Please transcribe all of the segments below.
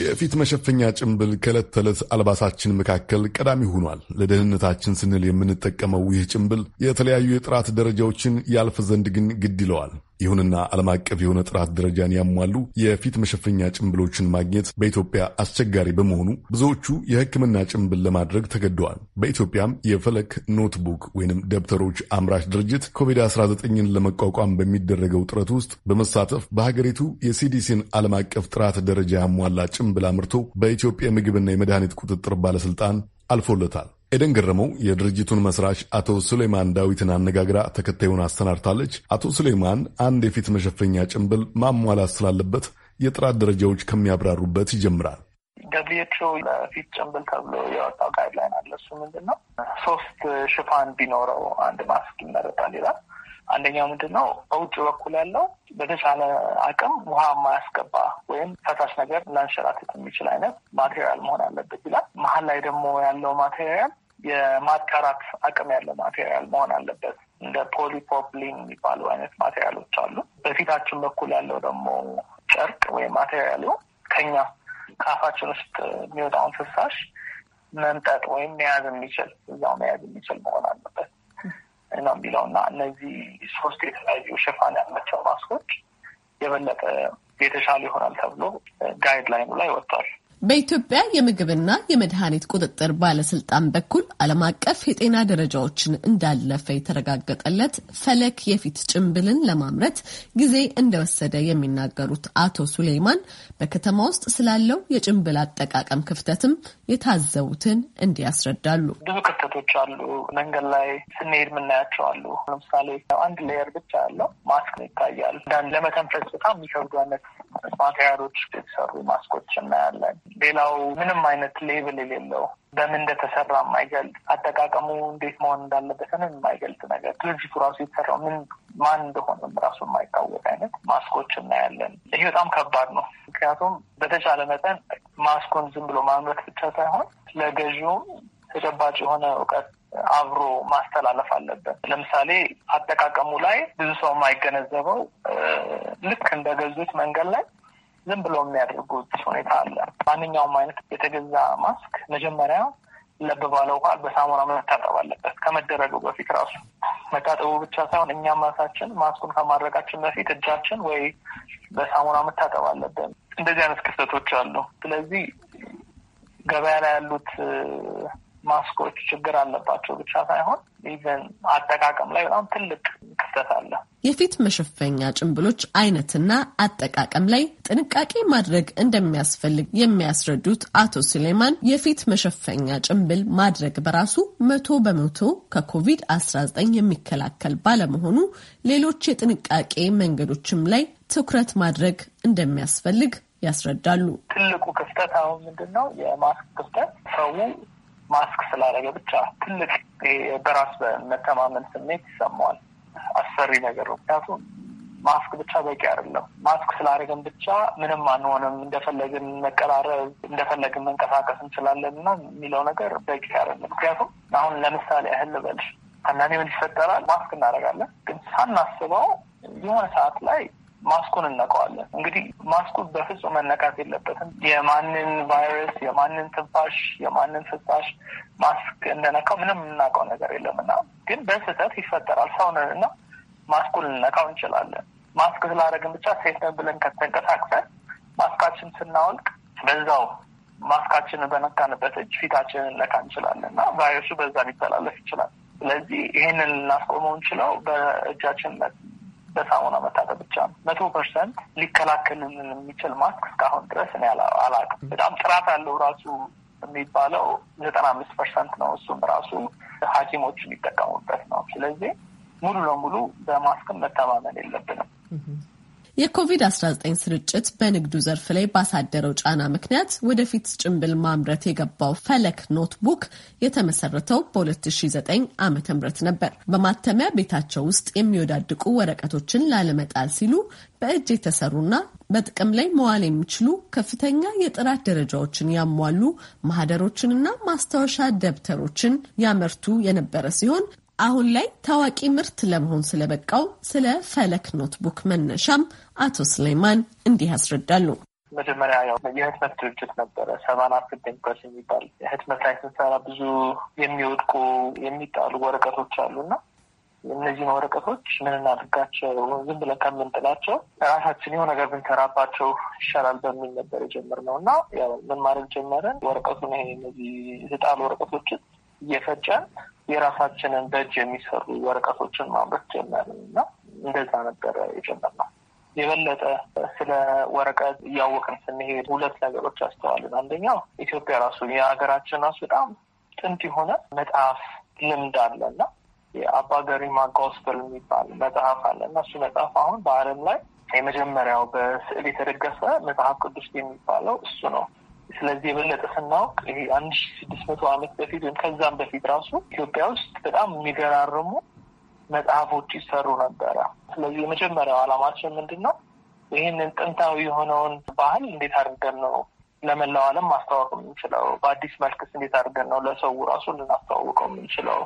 የፊት መሸፈኛ ጭንብል ከዕለት ተዕለት አልባሳችን መካከል ቀዳሚ ሆኗል። ለደህንነታችን ስንል የምንጠቀመው ይህ ጭንብል የተለያዩ የጥራት ደረጃዎችን ያልፍ ዘንድ ግን ግድ ይለዋል። ይሁንና ዓለም አቀፍ የሆነ ጥራት ደረጃን ያሟሉ የፊት መሸፈኛ ጭንብሎችን ማግኘት በኢትዮጵያ አስቸጋሪ በመሆኑ ብዙዎቹ የሕክምና ጭንብል ለማድረግ ተገደዋል። በኢትዮጵያም የፈለክ ኖትቡክ ወይንም ደብተሮች አምራች ድርጅት ኮቪድ-19ን ለመቋቋም በሚደረገው ጥረት ውስጥ በመሳተፍ በሀገሪቱ የሲዲሲን ዓለም አቀፍ ጥራት ደረጃ ያሟላ ጭንብል አምርቶ በኢትዮጵያ ምግብና የመድኃኒት ቁጥጥር ባለስልጣን አልፎለታል። ኤደን ገረመው የድርጅቱን መስራች አቶ ሱሌማን ዳዊትን አነጋግራ ተከታዩን አሰናድታለች። አቶ ሱሌማን አንድ የፊት መሸፈኛ ጭንብል ማሟላት ስላለበት የጥራት ደረጃዎች ከሚያብራሩበት ይጀምራል። ደብሊውኤችኦ ለፊት ጭንብል ተብሎ የወጣው ጋይድላይን አለ። እሱ ምንድን ነው? ሶስት ሽፋን ቢኖረው አንድ ማስክ ይመረጣል ይላል። አንደኛው ምንድን ነው? በውጭ በኩል ያለው በተቻለ አቅም ውሃ የማያስገባ ወይም ፈሳሽ ነገር ላንሸራትት የሚችል አይነት ማቴሪያል መሆን አለበት ይላል። መሀል ላይ ደግሞ ያለው ማቴሪያል የማጣራት አቅም ያለው ማቴሪያል መሆን አለበት። እንደ ፖሊፖፕሊን የሚባሉ አይነት ማቴሪያሎች አሉ። በፊታችን በኩል ያለው ደግሞ ጨርቅ ወይም ማቴሪያሉ ከኛ ከአፋችን ውስጥ የሚወጣውን ፍሳሽ መምጠጥ ወይም መያዝ የሚችል እዛው መያዝ የሚችል መሆን አለበት ነው የሚለው እና እነዚህ ሶስት የተለያዩ ሽፋን ያላቸው ማስኮች የበለጠ የተሻለ ይሆናል ተብሎ ጋይድ ላይኑ ላይ ወጥቷል። በኢትዮጵያ የምግብና የመድኃኒት ቁጥጥር ባለስልጣን በኩል ዓለም አቀፍ የጤና ደረጃዎችን እንዳለፈ የተረጋገጠለት ፈለክ የፊት ጭንብልን ለማምረት ጊዜ እንደወሰደ የሚናገሩት አቶ ሱሌይማን በከተማ ውስጥ ስላለው የጭንብል አጠቃቀም ክፍተትም የታዘቡትን እንዲያስረዳሉ። ብዙ ክፍተቶች አሉ። መንገድ ላይ ስንሄድ የምናያቸው አሉ። ለምሳሌ አንድ ሌየር ብቻ ያለው ማስክ ይታያል። ለመተንፈስ በጣም የሚከብዱ አይነት ማቴሪያሎች የተሰሩ ማስኮች እናያለን። ሌላው ምንም አይነት ሌብል የሌለው በምን እንደተሰራ የማይገልጽ አጠቃቀሙ እንዴት መሆን እንዳለበትን የማይገልጽ ነገር ድርጅቱ ራሱ የተሰራው ምን ማን እንደሆነም ራሱ የማይታወቅ አይነት ማስኮች እናያለን። ይሄ በጣም ከባድ ነው። ምክንያቱም በተቻለ መጠን ማስኮን ዝም ብሎ ማምረት ብቻ ሳይሆን ለገዢውም ተጨባጭ የሆነ እውቀት አብሮ ማስተላለፍ አለበት። ለምሳሌ አጠቃቀሙ ላይ ብዙ ሰው የማይገነዘበው ልክ እንደ ገዙት መንገድ ላይ ዝም ብሎ የሚያደርጉት ሁኔታ አለ። ማንኛውም አይነት የተገዛ ማስክ መጀመሪያ ለብ ባለ ውሃ በሳሙና መታጠብ አለበት። ከመደረጉ በፊት ራሱ መታጠቡ ብቻ ሳይሆን እኛም ራሳችን ማስኩን ከማድረጋችን በፊት እጃችን ወይ በሳሙና መታጠብ አለብን። እንደዚህ አይነት ክስተቶች አሉ። ስለዚህ ገበያ ላይ ያሉት ማስኮች ችግር አለባቸው ብቻ ሳይሆን ኢቨን አጠቃቀም ላይ በጣም ትልቅ ክስተት አለ። የፊት መሸፈኛ ጭንብሎች አይነትና አጠቃቀም ላይ ጥንቃቄ ማድረግ እንደሚያስፈልግ የሚያስረዱት አቶ ሱሌማን የፊት መሸፈኛ ጭንብል ማድረግ በራሱ መቶ በመቶ ከኮቪድ-19 የሚከላከል ባለመሆኑ ሌሎች የጥንቃቄ መንገዶችም ላይ ትኩረት ማድረግ እንደሚያስፈልግ ያስረዳሉ። ትልቁ ክፍተት አሁን ምንድን ነው? የማስክ ክፍተት ሰው ማስክ ስላደረገ ብቻ ትልቅ በራስ በመተማመን ስሜት ይሰማዋል። አስፈሪ ነገር ነው። ምክንያቱም ማስክ ብቻ በቂ አይደለም። ማስክ ስላደረግን ብቻ ምንም አንሆንም፣ እንደፈለግን መቀራረብ፣ እንደፈለግን መንቀሳቀስ እንችላለን እና የሚለው ነገር በቂ አይደለም። ምክንያቱም አሁን ለምሳሌ ያህል ልበልሽ አንዳንዴ ምን ይፈጠራል? ማስክ እናደርጋለን፣ ግን ሳናስበው የሆነ ሰዓት ላይ ማስኩን እነቀዋለን። እንግዲህ ማስኩ በፍጹም መነካት የለበትም። የማንን ቫይረስ፣ የማንን ትንፋሽ፣ የማንን ፍሳሽ ማስክ እንደነካው ምንም የምናውቀው ነገር የለም እና ግን በስህተት ይፈጠራል። ሰውንን እና ማስኩን ልነካው እንችላለን። ማስክ ስላደረግን ብቻ ሴት ነን ብለን ከተንቀሳቅሰን ማስካችን ስናወልቅ በዛው ማስካችንን በነካንበት እጅ ፊታችንን ልነካ እንችላለን እና ቫይረሱ በዛ ሊተላለፍ ይችላል። ስለዚህ ይሄንን ልናስቆመው እንችለው በእጃችን በሳሙና መታጠብ ብቻ መቶ ፐርሰንት ሊከላከል የሚችል ማስክ እስካሁን ድረስ እኔ አላውቅም። በጣም ጥራት ያለው ራሱ የሚባለው ዘጠና አምስት ፐርሰንት ነው። እሱም ራሱ ሐኪሞች የሚጠቀሙበት ነው። ስለዚህ ሙሉ ለሙሉ በማስክም መተማመን የለብንም። የኮቪድ-19 ስርጭት በንግዱ ዘርፍ ላይ ባሳደረው ጫና ምክንያት ወደፊት ጭንብል ማምረት የገባው ፈለክ ኖትቡክ የተመሰረተው በ2009 ዓ ም ነበር። በማተሚያ ቤታቸው ውስጥ የሚወዳድቁ ወረቀቶችን ላለመጣል ሲሉ በእጅ የተሰሩና በጥቅም ላይ መዋል የሚችሉ ከፍተኛ የጥራት ደረጃዎችን ያሟሉ ማህደሮችንና ማስታወሻ ደብተሮችን ያመርቱ የነበረ ሲሆን አሁን ላይ ታዋቂ ምርት ለመሆን ስለበቃው ስለ ፈለክ ኖትቡክ መነሻም አቶ ስሌማን እንዲህ ያስረዳሉ። መጀመሪያ ያው የህትመት ድርጅት ነበረ ሰባና አፍሪካን ፕረስ የሚባል ህትመት ላይ ስንሰራ ብዙ የሚወድቁ የሚጣሉ ወረቀቶች አሉ እና እነዚህን ወረቀቶች ምን እናድርጋቸው ዝም ብለን ከምንጥላቸው ራሳችን የሆነ ነገር ብንሰራባቸው ይሻላል በሚል ነበር የጀመርነው እና ያው ምን ማድረግ ጀመረን ወረቀቱን ይሄ እነዚህ የተጣሉ ወረቀቶችን እየፈጨን የራሳችንን በእጅ የሚሰሩ ወረቀቶችን ማምረት ጀመርን እና እንደዛ ነበረ የጀመርነው። የበለጠ ስለ ወረቀት እያወቅን ስንሄድ ሁለት ነገሮች አስተዋልን። አንደኛው ኢትዮጵያ ራሱ የሀገራችን ራሱ በጣም ጥንት የሆነ መጽሐፍ ልምድ አለ እና የአባ ገሪማ ጎስፐል የሚባል መጽሐፍ አለ እና እሱ መጽሐፍ አሁን በዓለም ላይ የመጀመሪያው በስዕል የተደገፈ መጽሐፍ ቅዱስ የሚባለው እሱ ነው። ስለዚህ የበለጠ ስናውቅ ይሄ አንድ ሺ ስድስት መቶ ዓመት በፊት ወይም ከዛም በፊት ራሱ ኢትዮጵያ ውስጥ በጣም የሚገራርሙ መጽሐፎች ይሰሩ ነበረ። ስለዚህ የመጀመሪያው ዓላማችን ምንድን ነው? ይህንን ጥንታዊ የሆነውን ባህል እንዴት አድርገን ነው ለመላው ዓለም ማስተዋወቅ የምንችለው? በአዲስ መልክስ እንዴት አድርገን ነው ለሰው ራሱ ልናስተዋውቀው የምንችለው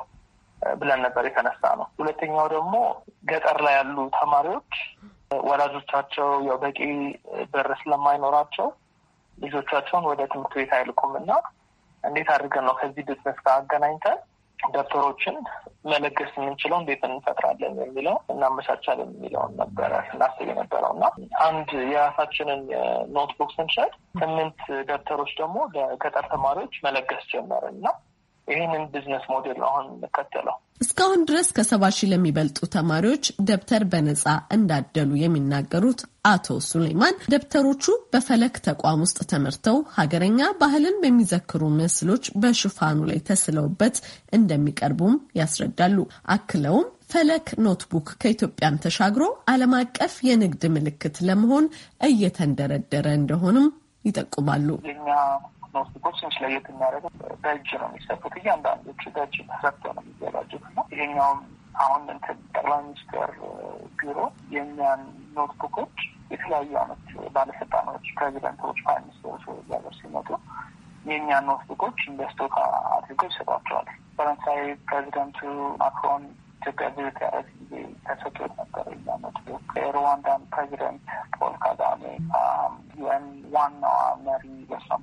ብለን ነበር የተነሳ ነው። ሁለተኛው ደግሞ ገጠር ላይ ያሉ ተማሪዎች ወላጆቻቸው ያው በቂ ብር ስለማይኖራቸው ልጆቻቸውን ወደ ትምህርት ቤት አይልኩም እና እንዴት አድርገን ነው ከዚህ ቢዝነስ ጋር አገናኝተን ደብተሮችን መለገስ የምንችለው እንዴት እንፈጥራለን የሚለው እናመቻቻለን የሚለውን ነበረ እናስብ የነበረው እና አንድ የራሳችንን ኖትቡክ ስንሸጥ ስምንት ደብተሮች ደግሞ ለገጠር ተማሪዎች መለገስ ጀመርን እና ይህንን ቢዝነስ ሞዴል ነው አሁን የምንከተለው። እስካሁን ድረስ ከሰባ ሺህ ለሚበልጡ ተማሪዎች ደብተር በነጻ እንዳደሉ የሚናገሩት አቶ ሱሌማን ደብተሮቹ በፈለክ ተቋም ውስጥ ተመርተው ሀገረኛ ባህልን በሚዘክሩ ምስሎች በሽፋኑ ላይ ተስለውበት እንደሚቀርቡም ያስረዳሉ። አክለውም ፈለክ ኖትቡክ ከኢትዮጵያም ተሻግሮ ዓለም አቀፍ የንግድ ምልክት ለመሆን እየተንደረደረ እንደሆንም ይጠቁማሉ። ኖት ቡኮች ትንሽ ለየት የሚያደርገው በእጅ ነው የሚሰጡት እያንዳንዶቹ በእጅ ተሰፍተው ነው የሚዘጋጁት እና ይሄኛውም አሁን እንትን ጠቅላይ ሚኒስትር ቢሮ የእኛን ቡኮች የተለያዩ አይነት ባለስልጣኖች፣ ፕሬዚደንቶች፣ ፕራይም ሚኒስትሮች ወደዚህ ሲመጡ የእኛን ኖትቡኮች እንደ ስጦታ አድርገው ይሰጧቸዋል። ፈረንሳይ ፕሬዚደንቱ ማክሮን ኢትዮጵያ ቪዚት ያደረገ ጊዜ ተሰጥቶት ነበር የእኛ የሩዋንዳን ፕሬዚደንት ፖል ካጋሜ ዩኤን ዋናዋ መሪ በሷም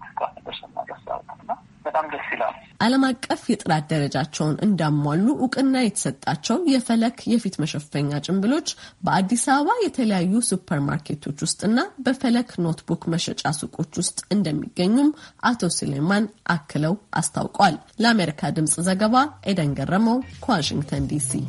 ዓለም አቀፍ የጥራት ደረጃቸውን እንዳሟሉ እውቅና የተሰጣቸው የፈለክ የፊት መሸፈኛ ጭንብሎች በአዲስ አበባ የተለያዩ ሱፐርማርኬቶች ውስጥና በፈለክ ኖትቡክ መሸጫ ሱቆች ውስጥ እንደሚገኙም አቶ ስሌማን አክለው አስታውቋል። ለአሜሪካ ድምጽ ዘገባ ኤደን ገረመው ከዋሽንግተን ዲሲ